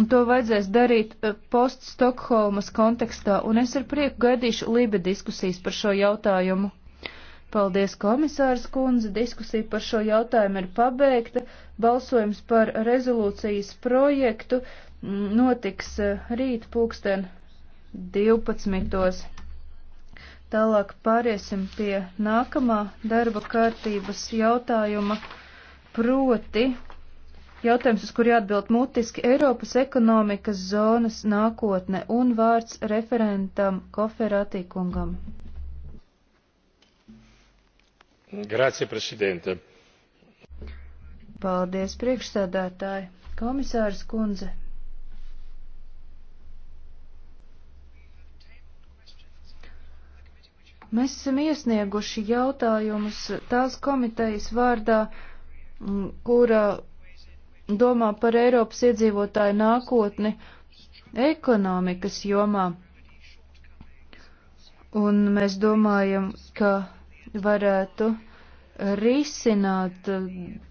un to vajadzēs darīt eh, post-Stokholmas kontekstā, un es ar prieku gaidīšu Lībe diskusijas par šo jautājumu. Paldies, komisārs kundze, diskusija par šo jautājumu ir pabeigta, balsojums par rezolūcijas projektu mm, notiks eh, rīt pulksten 12. Tālāk pāriesim pie nākamā darba kārtības jautājuma proti. Jautājums, uz kur jāatbild mutiski - Eiropas ekonomikas zonas nākotne un vārds referentam Koferatī kungam. Grazie, prezidente. Paldies, priekšsēdētāji. Komisārs kundze. Mēs esam iesnieguši jautājumus tās komitejas vārdā, kura domā par Eiropas iedzīvotāju nākotni ekonomikas jomā. Un mēs domājam, ka varētu risināt uh,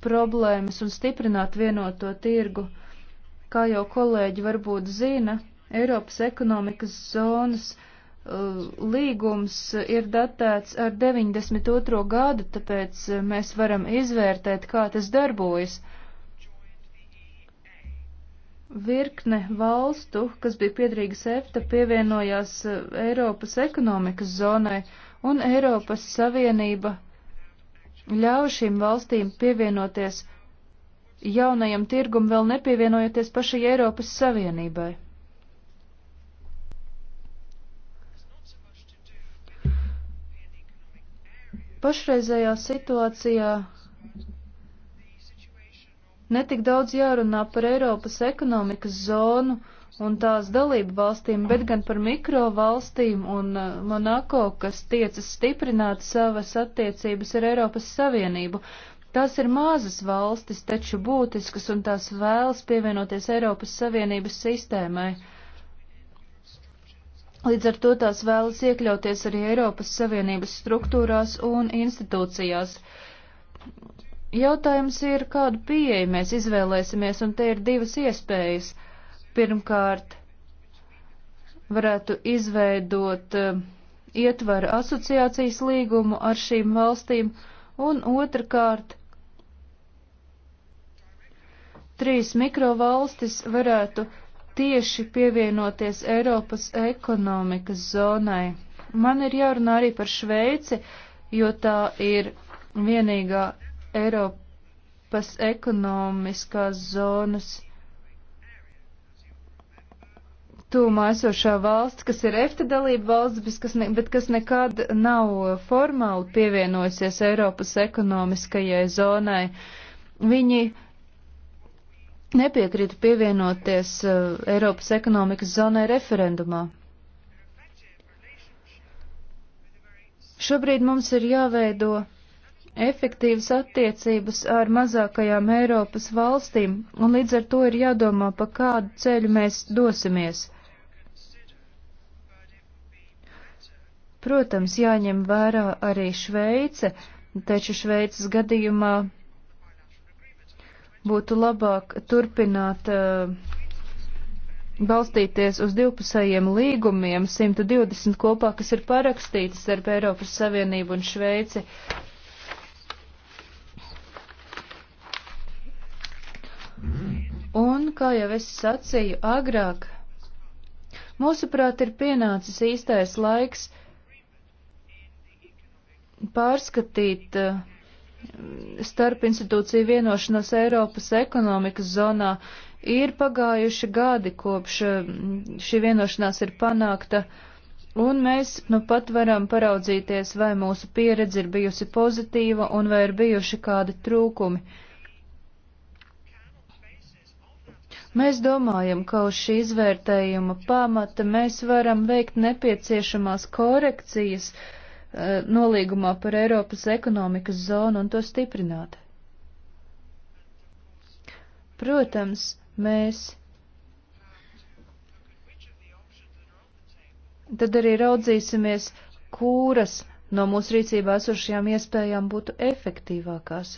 problēmas un stiprināt vienoto tirgu. Kā jau kolēģi varbūt zina, Eiropas ekonomikas zonas uh, līgums ir datēts ar 92. gadu, tāpēc mēs varam izvērtēt, kā tas darbojas. Uh, virkne valstu, kas bija piedrīgas EFTA, pievienojās eh, Eiropas ekonomikas zonai, un Eiropas Savienība ļauj šīm valstīm pievienoties jaunajam tirgum, vēl nepievienojoties pašai Eiropas Savienībai. Pašreizējā situācijā Netik daudz jārunā par Eiropas ekonomikas zonu un tās dalību valstīm, bet gan par mikro valstīm un uh, Monako, kas tiecas stiprināt savas attiecības ar Eiropas Savienību. Tās ir mazas valstis, taču būtiskas, un tās vēlas pievienoties Eiropas Savienības sistēmai. Līdz ar to tās vēlas iekļauties arī Eiropas Savienības struktūrās un institūcijās. Jautājums ir, kādu pieeju mēs izvēlēsimies, un te ir divas iespējas. Pirmkārt, varētu izveidot uh, ietvaru asociācijas līgumu ar šīm valstīm, un otrkārt, trīs mikrovalstis varētu tieši pievienoties Eiropas ekonomikas zonai. Man ir jārunā arī par Šveici, jo tā ir vienīgā Eiropas ekonomiskās zonas tūmā esošā valsts, kas ir EFTA dalība valsts, bet kas, ne, bet kas nekad nav formāli pievienojusies Eiropas ekonomiskajai zonai. Viņi nepiekrītu pievienoties eh, Eiropas ekonomikas zonai referendumā. Šobrīd mums ir jāveido efektīvas attiecības ar mazākajām Eiropas valstīm, un līdz ar to ir jādomā, pa kādu ceļu mēs dosimies. Protams, jāņem vērā arī Šveice, taču Šveices gadījumā būtu labāk turpināt uh, balstīties uz divpusējiem līgumiem 120 kopā, kas ir parakstītas starp Eiropas Savienību un Šveici. Uh, Un, kā jau es sacīju agrāk, mūsuprāt ir pienācis īstais laiks pārskatīt eh, starp institūciju vienošanos Eiropas ekonomikas zonā. Ir pagājuši gadi, kopš mm, šī vienošanās ir panākta, un mēs nu pat varam paraudzīties, vai mūsu pieredze ir bijusi pozitīva un vai ir bijuši kādi trūkumi. Mēs domājam, ka uz šī izvērtējuma pamata mēs varam veikt nepieciešamās korekcijas uh, nolīgumā par Eiropas ekonomikas zonu un to stiprināt. Protams, mēs tad arī raudzīsimies, kuras no mūsu rīcībā esošajām iespējām būtu efektīvākās.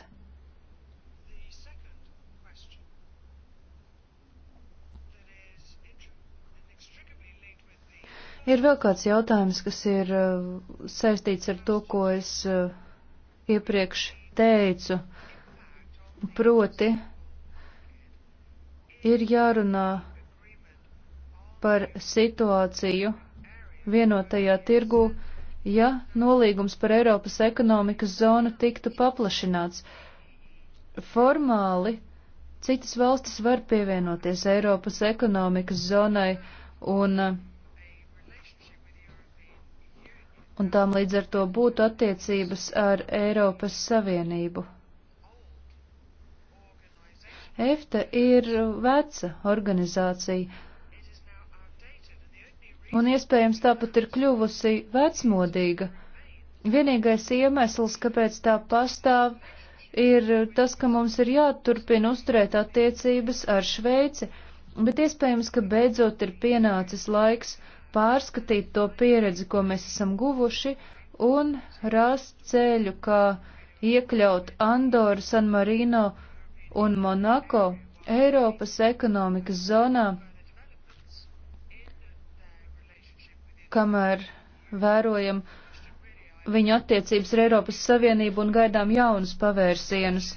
Ir vēl kāds jautājums, kas ir uh, saistīts ar to, ko es uh, iepriekš teicu. Proti, ir jārunā par situāciju vienotajā tirgū, ja nolīgums par Eiropas ekonomikas zonu tiktu paplašināts. Formāli citas valstis var pievienoties Eiropas ekonomikas zonai un uh, un tām līdz ar to būtu attiecības ar Eiropas Savienību. EFTA ir veca organizācija, un iespējams tāpat ir kļuvusi vecmodīga. Vienīgais iemesls, kāpēc tā pastāv, ir tas, ka mums ir jāturpina uzturēt attiecības ar Šveici, bet iespējams, ka beidzot ir pienācis laiks, uh, pārskatīt to pieredzi, ko mēs esam guvuši, un rast ceļu, kā iekļaut Andoru, San Marino un Monako Eiropas ekonomikas zonā, kamēr vērojam viņu attiecības ar Eiropas Savienību un gaidām jaunus pavērsienus.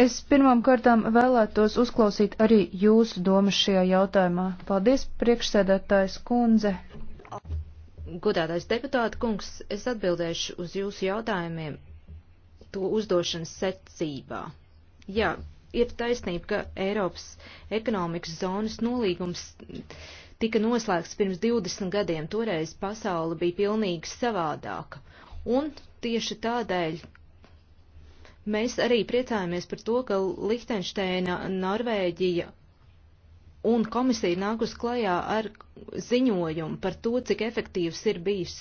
Es pirmām kārtām vēlētos uzklausīt arī jūsu domas šajā jautājumā. Paldies, priekšsēdētājs kundze. Godātais deputāta kungs, es atbildēšu uz jūsu jautājumiem to uzdošanas secībā. Jā, ir taisnība, ka Eiropas ekonomikas zonas nolīgums tika noslēgts pirms 20 gadiem. Toreiz pasaule bija pilnīgi savādāka. Un tieši tādēļ Mēs arī priecājamies par to, ka Lihtenšteina, Norvēģija un komisija nākus klajā ar ziņojumu par to, cik efektīvs ir bijis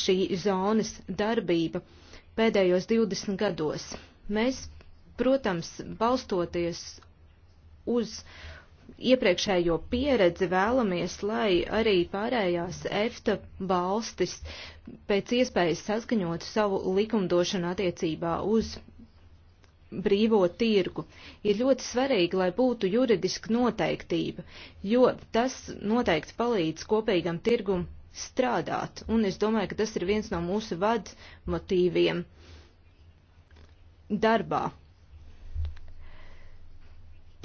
šī zonas darbība pēdējos 20 gados. Mēs, protams, balstoties uz uh, iepriekšējo pieredzi vēlamies, lai arī pārējās EFTA valstis pēc iespējas saskaņot savu likumdošanu attiecībā uz brīvo tirgu. Ir ļoti svarīgi, lai būtu juridiska noteiktība, jo tas noteikti palīdz kopīgam tirgum strādāt, un es domāju, ka tas ir viens no mūsu vadmotīviem darbā.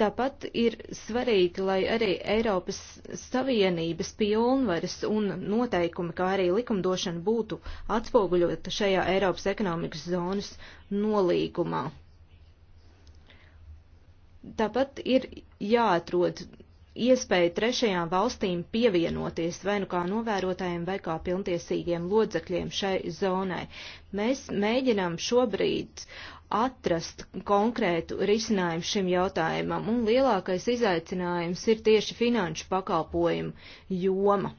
Tāpat ir svarīgi, lai arī Eiropas Savienības pilnvaras un noteikumi, kā arī likumdošana būtu atspoguļota šajā Eiropas ekonomikas zonas nolīgumā. Tāpat ir jāatrod iespēja trešajām valstīm pievienoties vai nu kā novērotājiem vai kā pilntiesīgiem lodzekļiem šai zonai. Mēs mēģinām šobrīd atrast konkrētu risinājumu šim jautājumam, un lielākais izaicinājums ir tieši finanšu pakalpojumu joma.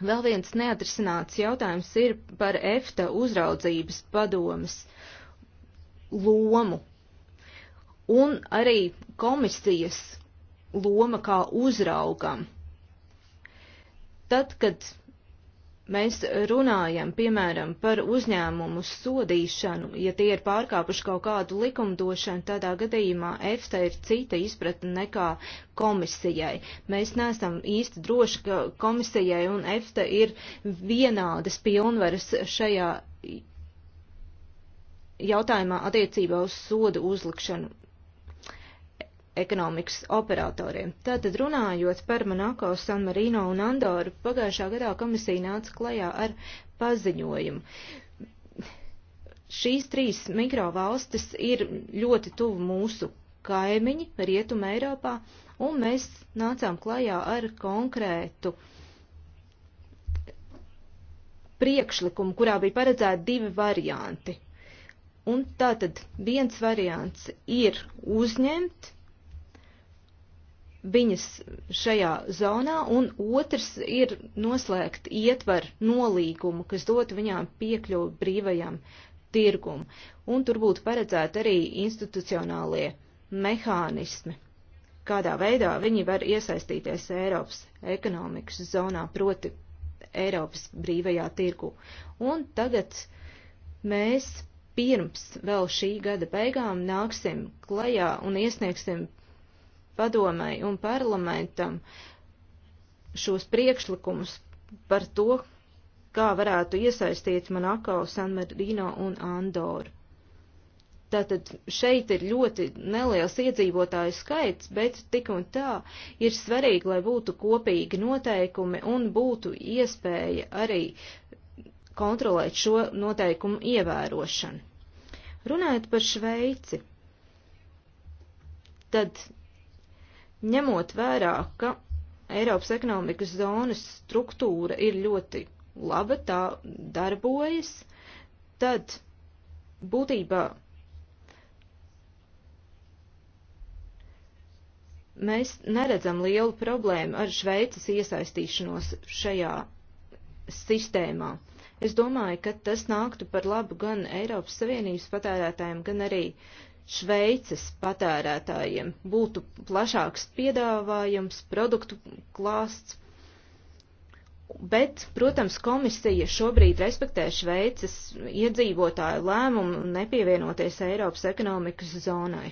Vēl viens neatrisināts jautājums ir par EFTA uzraudzības padomas lomu un arī komisijas loma kā uzraugam. Tad, kad Mēs runājam, piemēram, par uzņēmumu sodīšanu. Ja tie ir pārkāpuši kaut kādu likumdošanu, tādā gadījumā EFSA ir cita izpratne nekā komisijai. Mēs neesam īsti droši, ka komisijai un EFSA ir vienādas pilnvaras šajā jautājumā attiecībā uz sodu uzlikšanu ekonomikas operatoriem. Tātad runājot par Monako, San Marino un Andoru, pagājušā gadā komisija nāca klajā ar paziņojumu. Šīs trīs mikrovalstis ir ļoti tuvu mūsu kaimiņi Rietuma Eiropā, un mēs nācām klajā ar konkrētu priekšlikumu, kurā bija paredzēti divi varianti. Un tātad viens variants ir uzņemt viņas šajā zonā, un otrs ir noslēgt ietver nolīgumu, kas dot viņām piekļuvi brīvajam tirgumu, un tur būtu paredzēti arī institucionālie mehānismi, kādā veidā viņi var iesaistīties Eiropas ekonomikas zonā, proti Eiropas brīvajā tirgu. Un tagad mēs pirms vēl šī gada beigām nāksim klajā un iesniegsim padomai un parlamentam šos priekšlikumus par to, kā varētu iesaistīt Monako, San Marino un Andoru. Tātad šeit ir ļoti neliels iedzīvotāju skaits, bet tik un tā ir svarīgi, lai būtu kopīgi noteikumi un būtu iespēja arī kontrolēt šo noteikumu ievērošanu. Runājot par Šveici, tad Ņemot vērā, ka Eiropas ekonomikas zonas struktūra ir ļoti laba, tā darbojas, tad būtībā mēs neredzam lielu problēmu ar Šveices iesaistīšanos šajā sistēmā. Es domāju, ka tas nāktu par labu gan Eiropas Savienības patērētājiem, gan arī Šveices patērētājiem būtu plašāks piedāvājums, produktu klāsts, bet, protams, komisija šobrīd respektē Šveices iedzīvotāju lēmumu nepievienoties Eiropas ekonomikas zonai.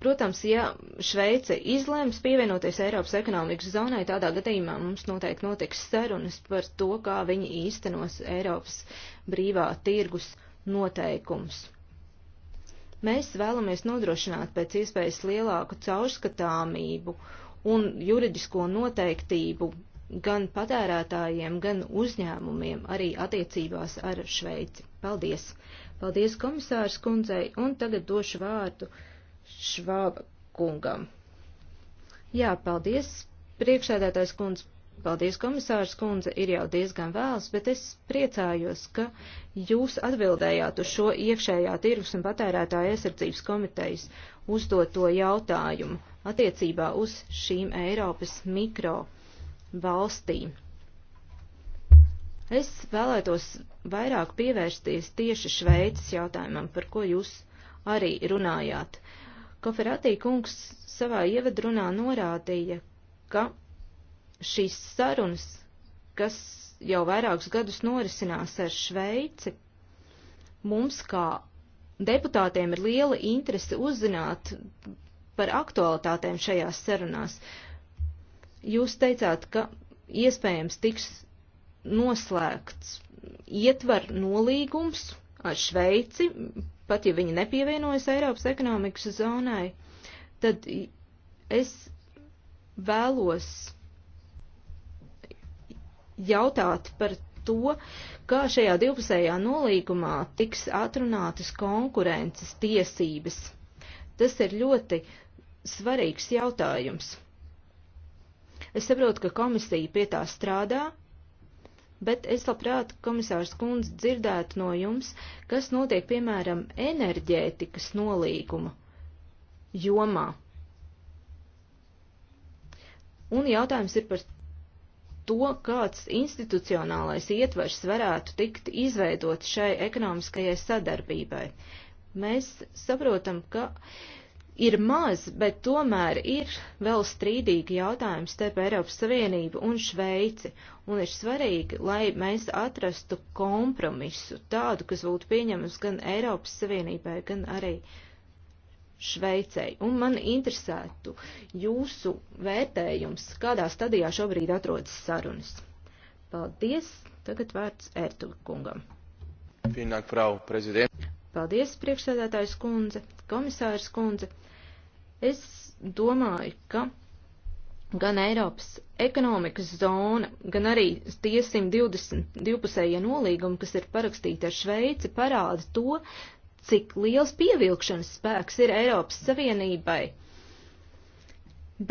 Protams, ja Šveice izlems pievienoties Eiropas ekonomikas zonai, tādā gadījumā mums noteikti notiks sarunas par to, kā viņi īstenos Eiropas brīvā tirgus noteikums. Mēs vēlamies nodrošināt pēc iespējas lielāku caurskatāmību un juridisko noteiktību gan patērētājiem, gan uzņēmumiem arī attiecībās ar Šveici. Paldies! Paldies komisārs kundzei, un tagad došu vārdu Švāba kungam. Jā, paldies, priekšsēdētājs kundze, paldies, komisārs kundze, ir jau diezgan vēls, bet es priecājos, ka jūs atbildējāt uz šo iekšējā tirgus un patērētāja aizsardzības komitejas uzdoto jautājumu attiecībā uz šīm Eiropas mikro valstīm. Es vēlētos vairāk pievērsties tieši Šveices jautājumam, par ko jūs arī runājāt. Uh, Koferatī kungs savā ievadrunā norādīja, ka šīs sarunas, kas jau vairākus gadus norisinās ar Šveici, mums kā deputātiem ir liela interese uzzināt par aktualitātēm šajās sarunās. Jūs teicāt, ka iespējams tiks noslēgts ietvar nolīgums ar Šveici pat ja viņi nepievienojas Eiropas ekonomikas zonai, tad es vēlos jautāt par to, kā šajā divpusējā nolīgumā tiks atrunātas konkurences tiesības. Tas ir ļoti svarīgs jautājums. Es saprotu, ka komisija pie tā strādā, bet es labprāt, komisārs kundze, dzirdētu no jums, kas notiek, piemēram, enerģētikas nolīguma jomā. Un jautājums ir par to, kāds institucionālais ietvers varētu tikt izveidots šai ekonomiskajai sadarbībai. Mēs saprotam, ka uh, ir maz, bet tomēr ir vēl strīdīgi jautājumi starp Eiropas Savienību un Šveici, un ir svarīgi, lai mēs atrastu kompromisu tādu, kas būtu pieņemams gan Eiropas Savienībai, gan arī Šveicei. Un man interesētu jūsu vērtējums, kādā stadijā šobrīd atrodas sarunas. Paldies! Tagad vārds Ertuga kungam. Pienāk, frau prezident. Paldies, priekšsēdētājs kundze, komisārs kundze. Es domāju, ka gan Eiropas ekonomikas zona, gan arī tie 120 divpusējie nolīgumi, kas ir parakstīti ar Šveici, parāda to, cik liels pievilkšanas spēks ir Eiropas Savienībai.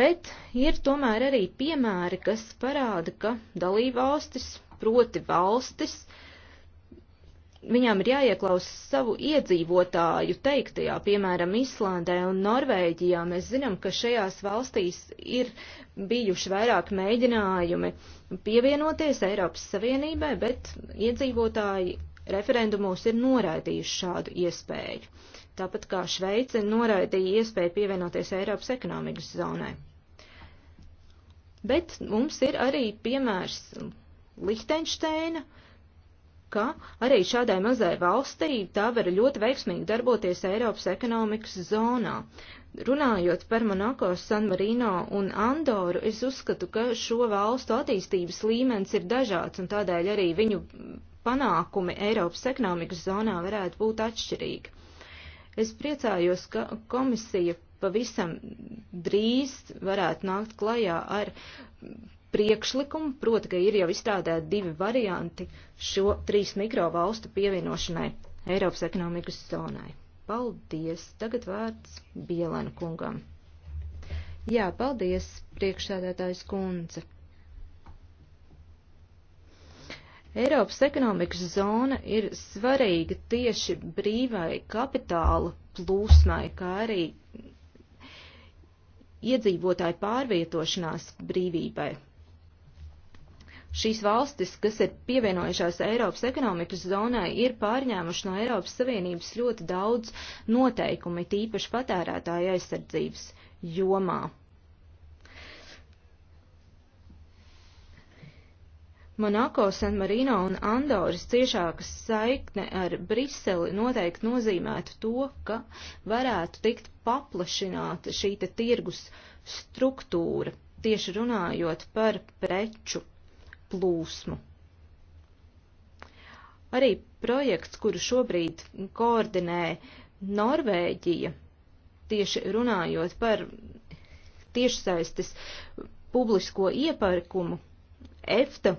Bet ir tomēr arī piemēri, kas parāda, ka dalībvalstis, proti valstis, uh, viņām ir jāieklaus savu iedzīvotāju teiktajā, piemēram, Islandē un Norvēģijā. Mēs zinām, ka šajās valstīs ir bijuši vairāk mēģinājumi pievienoties Eiropas Savienībai, bet iedzīvotāji referendumos ir noraidījuši šādu iespēju. Tāpat kā Šveice noraidīja iespēju pievienoties Eiropas ekonomikas zonai. Bet mums ir arī piemērs Lihtenšteina, uh, ka arī šādai mazai valstī tā var ļoti veiksmīgi darboties Eiropas ekonomikas zonā. Runājot par Monako, San Marino un Andoru, es uzskatu, ka šo valstu attīstības līmenis ir dažāds un tādēļ arī viņu panākumi Eiropas ekonomikas zonā varētu būt atšķirīgi. Es priecājos, ka komisija pavisam drīz varētu nākt klajā ar priekšlikumu, proti, ka ir jau izstrādāti divi varianti šo trīs mikrovalstu pievienošanai Eiropas ekonomikas zonai. Paldies! Tagad vārds Bielēna kungam. Jā, paldies, priekšsēdētājs kundze. Eiropas ekonomikas zona ir svarīga tieši brīvai kapitāla plūsmai, kā arī iedzīvotāju pārvietošanās brīvībai. Šīs valstis, kas ir pievienojušās Eiropas ekonomikas zonai, ir pārņēmuši no Eiropas Savienības ļoti daudz noteikumi, tīpaši patērētāja aizsardzības jomā. Monako, San Marino un Andoras ciešākas saikne ar Briseli noteikti nozīmētu to, ka varētu tikt paplašināta šī te tirgus struktūra, tieši runājot par preču plūsmu. Arī projekts, kuru šobrīd koordinē Norvēģija, tieši runājot par tiešsaistes publisko iepirkumu, EFTA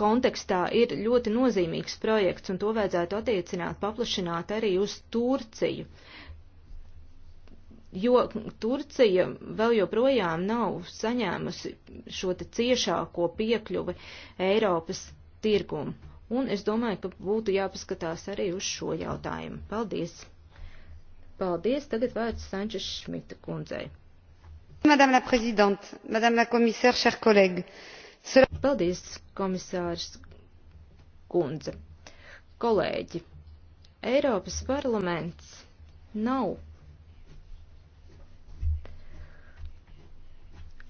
kontekstā ir ļoti nozīmīgs projekts, un to vajadzētu attiecināt, paplašināt arī uz Turciju jo Turcija vēl joprojām nav saņēmusi šo te ciešāko piekļuvi Eiropas tirgumu. Un es domāju, ka būtu jāpaskatās arī uz šo jautājumu. Paldies! Paldies! Tagad vārds Sančes Šmita kundzei. Madame la Présidente, Madame la Commissaire, chers collègues. Paldies, komisārs kundze. Kolēģi, Eiropas parlaments nav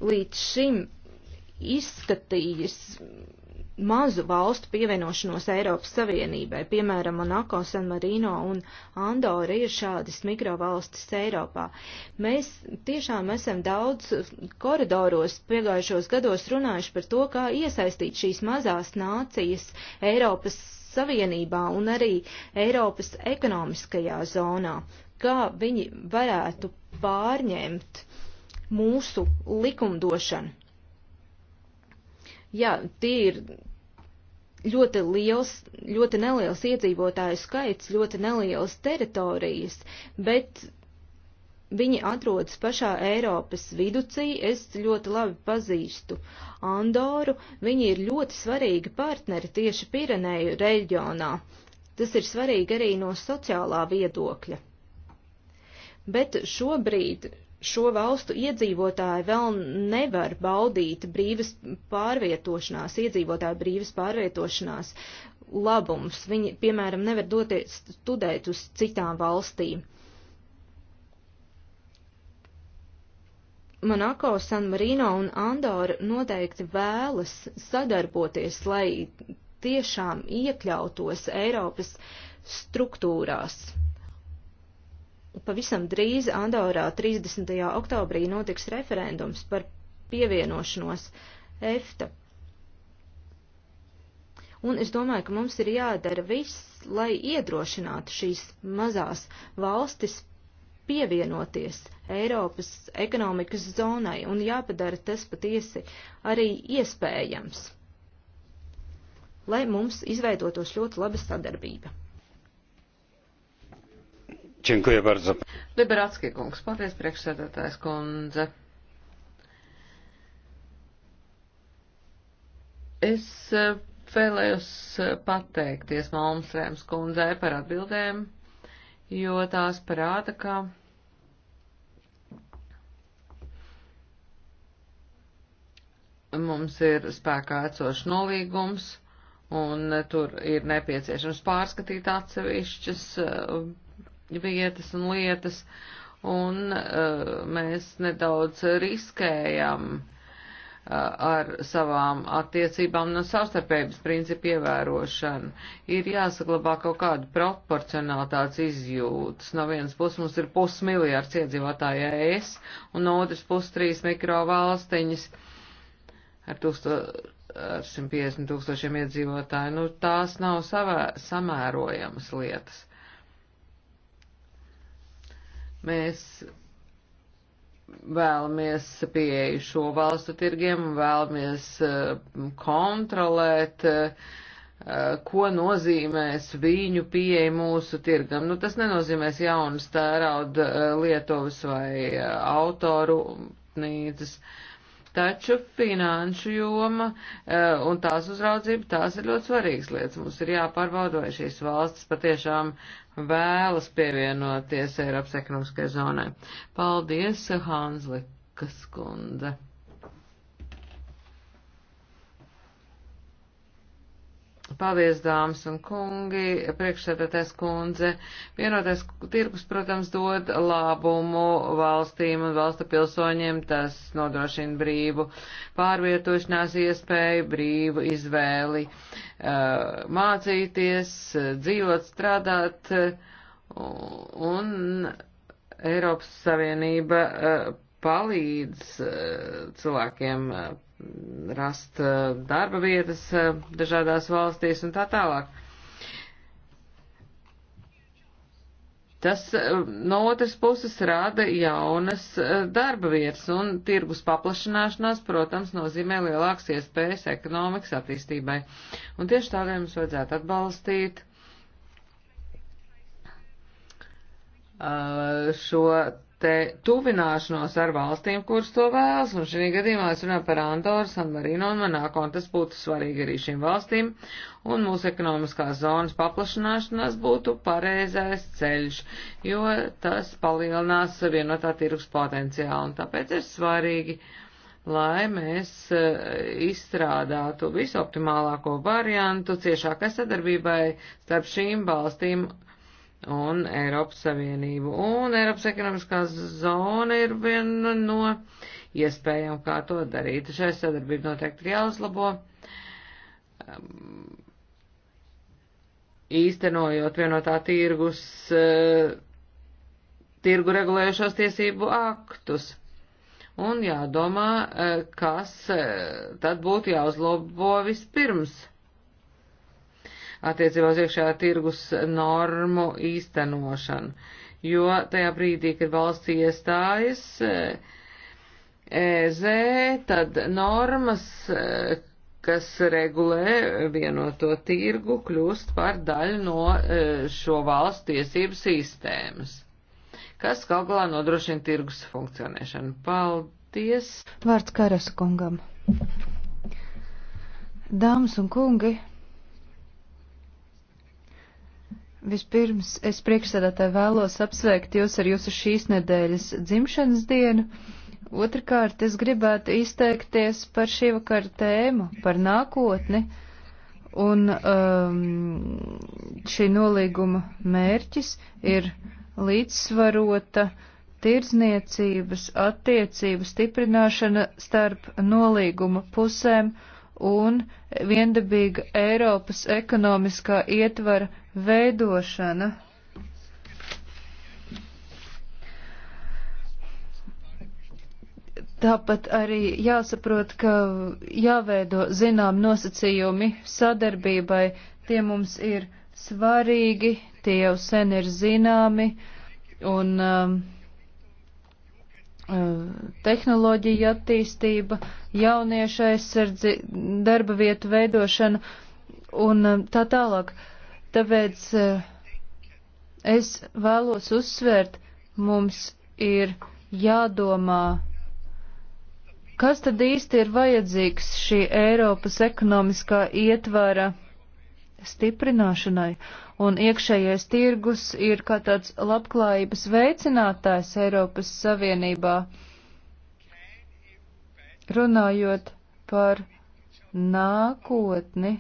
līdz šim izskatījis mazu valstu pievienošanos Eiropas Savienībai, piemēram, Monako, San Marino un Andora ir šādas mikrovalstis Eiropā. Mēs tiešām esam daudz koridoros pagājušos gados runājuši par to, kā iesaistīt šīs mazās nācijas Eiropas Savienībā un arī Eiropas ekonomiskajā zonā, kā viņi varētu pārņemt uh, mūsu likumdošanu. Jā, tie ir ļoti liels, ļoti neliels iedzīvotāju skaits, ļoti nelielas teritorijas, bet viņi atrodas pašā Eiropas viducī. Es ļoti labi pazīstu Andoru. Viņi ir ļoti svarīgi partneri tieši Pirenēju reģionā. Tas ir svarīgi arī no sociālā viedokļa. Bet šobrīd šo valstu iedzīvotāji vēl nevar baudīt brīvas pārvietošanās, iedzīvotāju brīvas pārvietošanās labums. Viņi, piemēram, nevar doties studēt uz citām valstīm. Monako, San Marino un Andora noteikti vēlas sadarboties, lai tiešām iekļautos Eiropas struktūrās pavisam drīz Andorā 30. oktobrī notiks referendums par pievienošanos EFTA. Un es domāju, ka mums ir jādara viss, lai iedrošinātu šīs mazās valstis pievienoties Eiropas ekonomikas zonai un jāpadara tas patiesi arī iespējams, lai mums izveidotos ļoti laba sadarbība. Čenkuja bardzo. Liberātskie kungs, paldies priekšsēdētājs kundze. Es e, vēlējos e, pateikties Malmstrēms kundzei par atbildēm, jo tās parāda, ka mums ir spēkā ecošs nolīgums, un tur ir nepieciešams pārskatīt atsevišķas e, vietas un lietas, un uh, mēs nedaudz riskējam uh, ar savām attiecībām no savstarpējības principu ievērošanu. Ir jāsaglabā kaut kāda proporcionālitātes izjūtas. No vienas puses mums ir pusmiljārds iedzīvotāja ES, un no otras puses trīs mikrovalstiņas ar tūksto ar 150 tūkstošiem iedzīvotāju, nu tās nav savā, samērojamas lietas. Mēs vēlamies pieeju šo valstu tirgiem, vēlamies uh, kontrolēt, uh, ko nozīmēs viņu pieeja mūsu tirgam. Nu, tas nenozīmēs jaunas tērauda uh, lietovas vai autoru nīcas. Uh, Taču finanšu joma uh, un tās uzraudzība, tās ir ļoti svarīgas lietas. Mums ir jāpārbauda, vai šīs valstis patiešām vēlas pievienoties Eiropas ekonomiskajai zonai. Paldies, Hānzlikas kundze! Paldies, dāmas un kungi, priekšsēdētājs kundze. Vienotais tirgus, protams, dod labumu valstīm un valsta pilsoņiem, tas nodrošina brīvu pārvietošanās iespēju, brīvu izvēli, uh, mācīties, dzīvot, strādāt, uh, un Eiropas Savienība uh, palīdz cilvēkiem rast eh, darba vietas eh, dažādās valstīs un tā tālāk. Tas eh, no otras puses rada jaunas darba vietas, un tirgus paplašanāšanās, protams, nozīmē lielākas iespējas ekonomikas attīstībai. Un tieši tādēļ mums vajadzētu atbalstīt šo te tuvināšanos ar valstīm, kuras to vēlas, un šī gadījumā es runāju par Andoru, San Marino un Manāko, un tas būtu svarīgi arī šīm valstīm, un mūsu ekonomiskās zonas paplašanāšanās būtu pareizais ceļš, jo tas palielinās vienotā tirgus potenciālu, un tāpēc ir svarīgi, lai mēs eh, izstrādātu visoptimālāko variantu ciešākai sadarbībai starp šīm valstīm un Eiropas Savienību. Un Eiropas ekonomiskā zona ir viena no iespējām, kā to darīt. Šai sadarbība noteikti ir jāuzlabo. Um, īstenojot vienotā tirgus, uh, tirgu regulējušos tiesību aktus. Un jādomā, uh, kas uh, tad būtu jāuzlabo vispirms attiecībā uz iekšējā tirgus normu īstenošanu. Jo tajā brīdī, kad valsts iestājas EZ, e tad normas, e, kas regulē vienoto tirgu, kļūst par daļu no e, šo valstu tiesību sistēmas, kas kaut galā nodrošina tirgus funkcionēšanu. Paldies! Vārds Karasa kungam. Dāmas un kungi, Vispirms es priekšsēdētāji vēlos apsveikt jūs ar jūsu šīs nedēļas dzimšanas dienu. Otrakārt, es gribētu izteikties par šī vakara tēmu, par nākotni. Un um, šī nolīguma mērķis ir līdzsvarota tirdzniecības attiecību stiprināšana starp nolīguma pusēm un viendabīga Eiropas ekonomiskā ietvara veidošana. Tāpat arī jāsaprot, ka jāveido zinām nosacījumi sadarbībai. Tie mums ir svarīgi, tie jau sen ir zināmi, un um, uh, tehnoloģija attīstība, jauniešu aizsardzi, darba vietu veidošana un um, tā tālāk. Uh, Tāpēc eh, es vēlos uzsvērt, mums ir jādomā, kas tad īsti ir vajadzīgs šī Eiropas ekonomiskā ietvara stiprināšanai, un iekšējais tirgus ir kā tāds labklājības veicinātājs Eiropas Savienībā. Runājot par nākotni,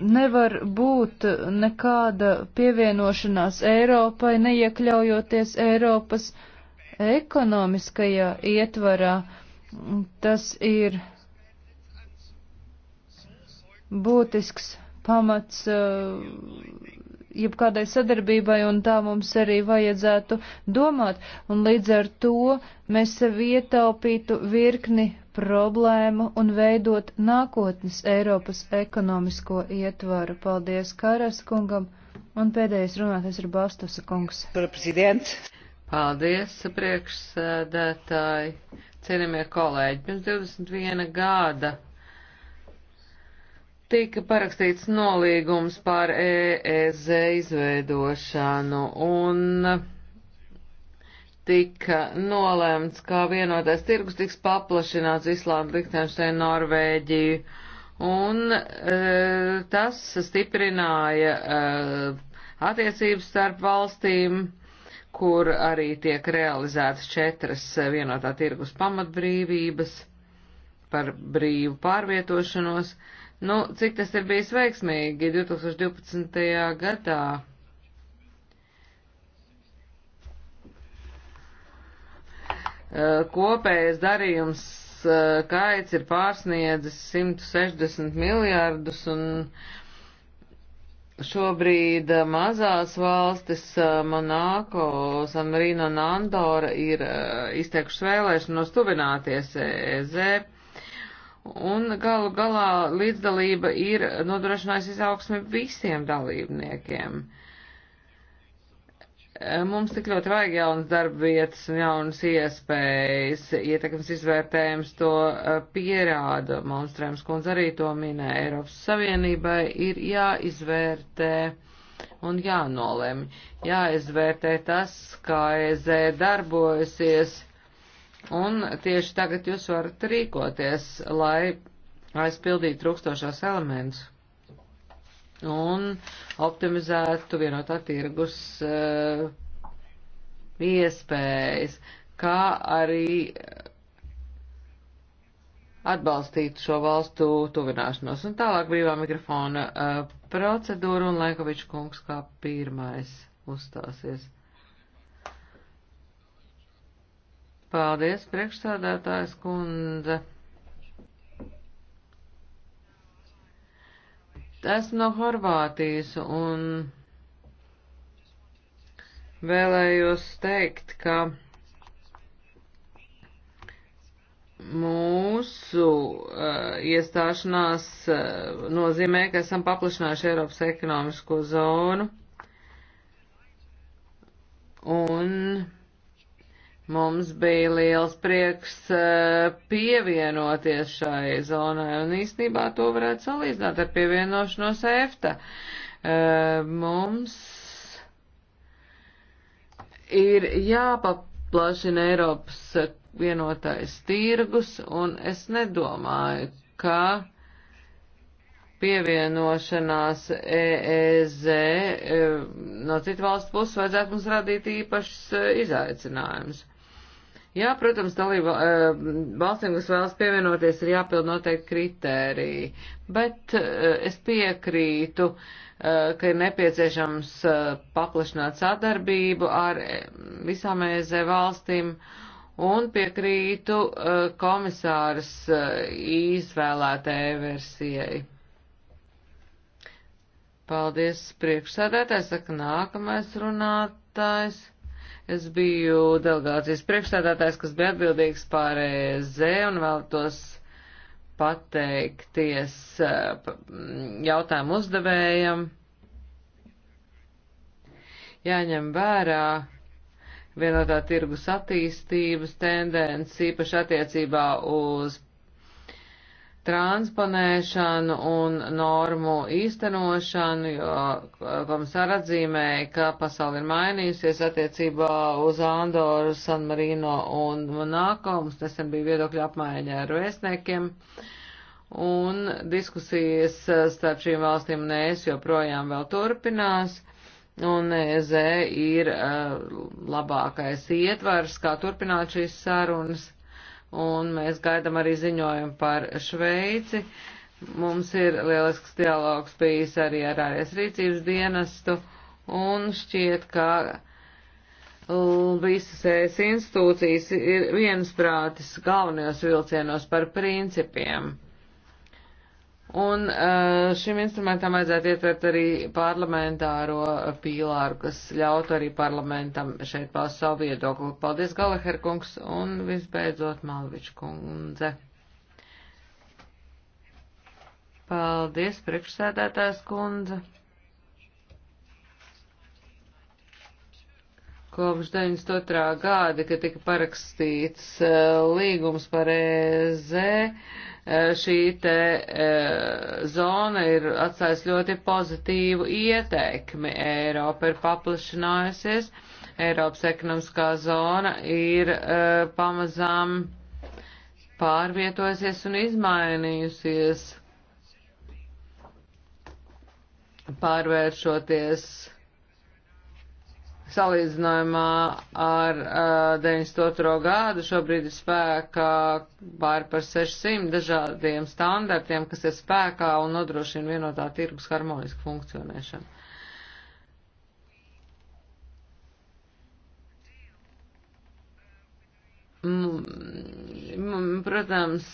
nevar būt nekāda pievienošanās Eiropai, neiekļaujoties Eiropas ekonomiskajā ietvarā. Tas ir būtisks pamats eh, jebkādai sadarbībai, un tā mums arī vajadzētu domāt. Un līdz ar to mēs sev ietaupītu virkni problēmu un veidot nākotnes Eiropas ekonomisko ietvaru. Paldies Karas kungam un pēdējais runātais ir Bastosa kungs. Prezidents. Paldies, priekšsēdētāji, cienījamie kolēģi. Pirms 21 gada tika parakstīts nolīgums par EEZ izveidošanu un tika nolēmts, kā vienotais tirgus tiks paplašināts Islandu, Lichtensteinu, Norvēģiju, un e, tas stiprināja e, attiecības starp valstīm, kur arī tiek realizētas četras vienotā tirgus pamatbrīvības par brīvu pārvietošanos. Nu, cik tas ir bijis veiksmīgi 2012. gadā? Eh, kopējais darījums skaits eh, ir pārsniedzis 160 miljārdus un šobrīd eh, mazās valstis Monako, San Marino un Andora ir izteikušas vēlēšanos tuvināties EZ. Un galu galā līdzdalība ir nodrošinājusi izaugsmi visiem dalībniekiem. Uh, Mums tik ļoti vajag jaunas darba vietas un jaunas iespējas. Ietekmes izvērtējums to e, pierāda. Monstrēms kundze arī to minē. Eiropas Savienībai ir jāizvērtē un jānolem. Jāizvērtē tas, kā EZ darbojasies. Un tieši tagad jūs varat rīkoties, lai aizpildītu trūkstošos elementus un optimizētu vienotā tirgus uh, iespējas, kā arī atbalstītu šo valstu tuvināšanos. Un tālāk brīvā mikrofona uh, procedūra un Lenkovičs kungs kā pirmais uzstāsies. Paldies, priekšsādātājs kundze. Esmu no Horvātijas un vēlējos teikt, ka mūsu uh, iestāšanās uh, nozīmē, ka esam paplašinājuši Eiropas ekonomisko zonu un Mums bija liels prieks eh, pievienoties šai zonai, un īstenībā to varētu salīdzināt ar pievienošanos EFTA. Eh, mums ir jāpaplašina Eiropas vienotais tirgus, un es nedomāju, ka pievienošanās EEZ eh, no citu valstu puses vajadzētu mums radīt īpašs izaicinājums. Jā, protams, dalība eh, valstīm, kas vēlas pievienoties, ir jāpild noteikti kritēriji, bet eh, es piekrītu, eh, ka ir nepieciešams paplašināt sadarbību ar visām EZ valstīm un piekrītu komisāras izvēlētajai versijai. Paldies, priekšsēdētājs, saka nākamais runātājs. Es biju delegācijas priekšstādātājs, kas bija atbildīgs par EZ un vēlētos pateikties eh, mm, jautājumu uzdevējam. Jāņem vērā vienotā tirgus attīstības tendence, īpaši attiecībā uz transponēšanu un normu īstenošanu, jo eh, komisāra atzīmēja, ka pasauli ir mainījusies attiecībā uz Andoru, San Marino un Monako. Mums nesen bija viedokļa apmaiņa ar vēstniekiem. Un diskusijas eh, starp šīm valstīm un es joprojām vēl turpinās. Un EZ ir uh, labākais ietvars, kā turpināt šīs sarunas un mēs gaidam arī ziņojumu par Šveici. Mums ir lielisks dialogs bijis arī ar ārējas rīcības dienestu, un šķiet, ka visas ES institūcijas ir viensprātis galvenajos vilcienos par principiem. Un eh, šim instrumentam vajadzētu ietvert arī parlamentāro pīlāru, kas ļautu arī parlamentam šeit paust savu viedokli. Paldies, Galaher kungs, un visbeidzot Malvič kundze. Paldies, priekšsēdētājs kundze. Kopš 92. gada, kad tika parakstīts e, līgums par EZ, e, šī te e, zona ir atstājis ļoti pozitīvu ieteikmi. Eiropa ir paplašinājusies, Eiropas ekonomiskā zona ir pamazām pārvietojusies un izmainījusies, pārvēršoties Salīdzinājumā ar uh, 92. gadu šobrīd ir spēkā pār par 600 dažādiem standartiem, kas ir spēkā un nodrošina vienotā tirgus harmonisku funkcionēšanu. Mm, mm, protams,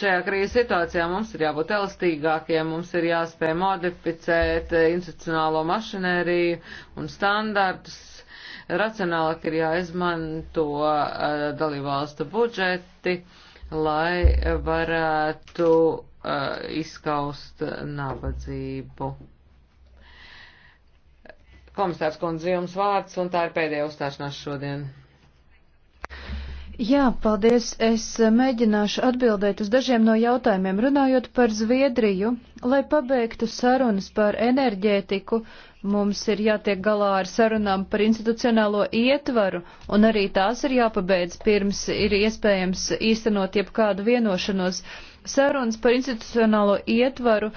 šajā krīzes situācijā mums ir jābūt elastīgākiem, mums ir jāspēj modificēt institucionālo mašinēriju un standartus Racionālāk ir jāizmanto uh, dalībvalstu budžeti, lai varētu uh, izskaust nabadzību. Komisārs kundze, jums vārds, un tā ir pēdējā uzstāšanās šodien. Jā, paldies. Es mēģināšu atbildēt uz dažiem no jautājumiem. Runājot par Zviedriju, lai pabeigtu sarunas par enerģētiku, Mums ir jātiek galā ar sarunām par institucionālo ietvaru, un arī tās ir jāpabeidz pirms ir iespējams īstenot jebkādu vienošanos. Sarunas par institucionālo ietvaru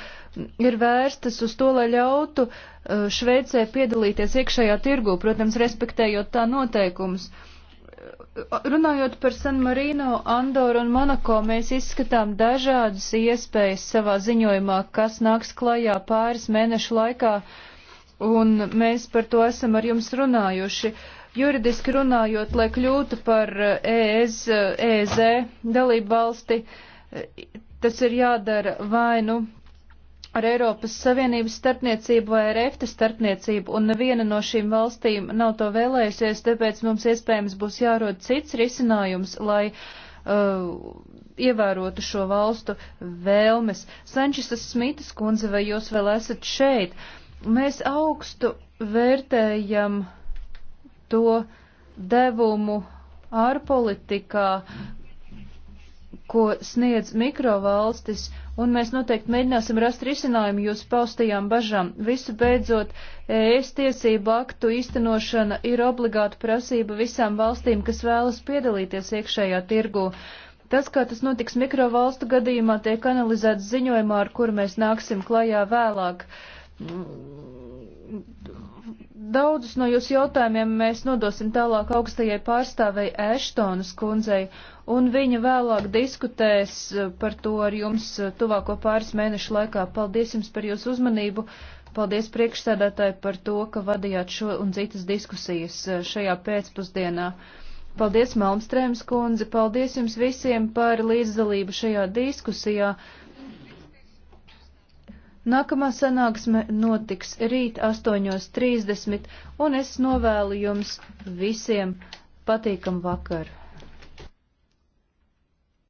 ir vērstas uz to, lai ļautu uh, Šveicē piedalīties iekšējā tirgu, protams, respektējot tā noteikumus. Runājot par San Marino, Andoru un Monako, mēs izskatām dažādas iespējas savā ziņojumā, kas nāks klajā pāris mēnešu laikā. Uh, un mēs par to esam ar jums runājuši. Juridiski runājot, lai kļūtu par EZ, eh, EZ eh, e e dalību valsti, eh, tas ir jādara vai nu ar Eiropas Savienības starpniecību vai ar EFTA starpniecību, un neviena no šīm valstīm nav to vēlējusies, tāpēc mums iespējams būs jārod cits risinājums, lai uh, ievērotu šo valstu vēlmes. Sančisas Smitas kundze, vai jūs vēl esat šeit? Uh, Mēs augstu vērtējam to devumu ārpolitikā, ko sniedz mikrovalstis, un mēs noteikti mēģināsim rast risinājumu jūsu paustajām bažām. Visu beidzot, ES tiesību aktu īstenošana ir obligāta prasība visām valstīm, kas vēlas piedalīties iekšējā tirgū. Tas, kā tas notiks mikrovalstu gadījumā, tiek analizēts ziņojumā, ar kuru mēs nāksim klajā vēlāk. Uh, Daudzus no jūsu jautājumiem mēs nodosim tālāk augstajai pārstāvei Eštonas kundzei, un viņa vēlāk diskutēs eh, par to ar jums eh, tuvāko pāris mēnešu laikā. Paldies jums par jūsu uzmanību, paldies priekšsēdētāji par to, ka vadījāt šo un citas diskusijas eh, šajā pēcpusdienā. Paldies Malmstrēms kundze, paldies jums visiem par līdzdalību šajā diskusijā. Nākamā sanāksme notiks rīt 8.30 un es novēlu jums visiem patīkamu vakaru.